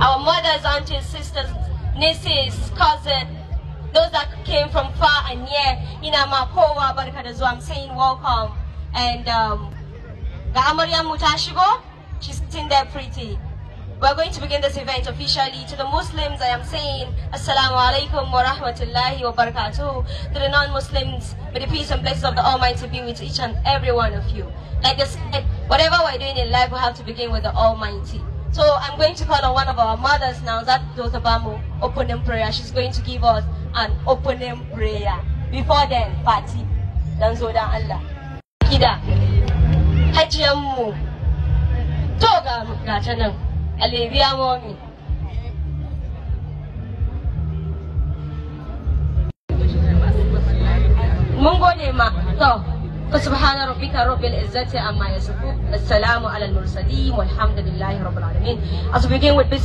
our mothers, aunties, sisters, nieces, cousins, those that came from far and near. in makowa barka da I'm saying welcome. And the um, Amaria Mutashigo, she's sitting there pretty. We're going to begin this event officially. To the Muslims, I am saying Assalamu alaikum wa rahmatullahi wa barakatuh. To the non-Muslims, may the peace and blessings of the Almighty be with each and every one of you. Like I said, whatever we're doing in life, we have to begin with the Almighty. So I'm going to call on one of our mothers now, that Bamu opening prayer. She's going to give us an opening prayer. Before then, Party. Thank you. Allah. فسبحان ربك رب العزة أما يصفون السلام على المرسلين والحمد لله رب العالمين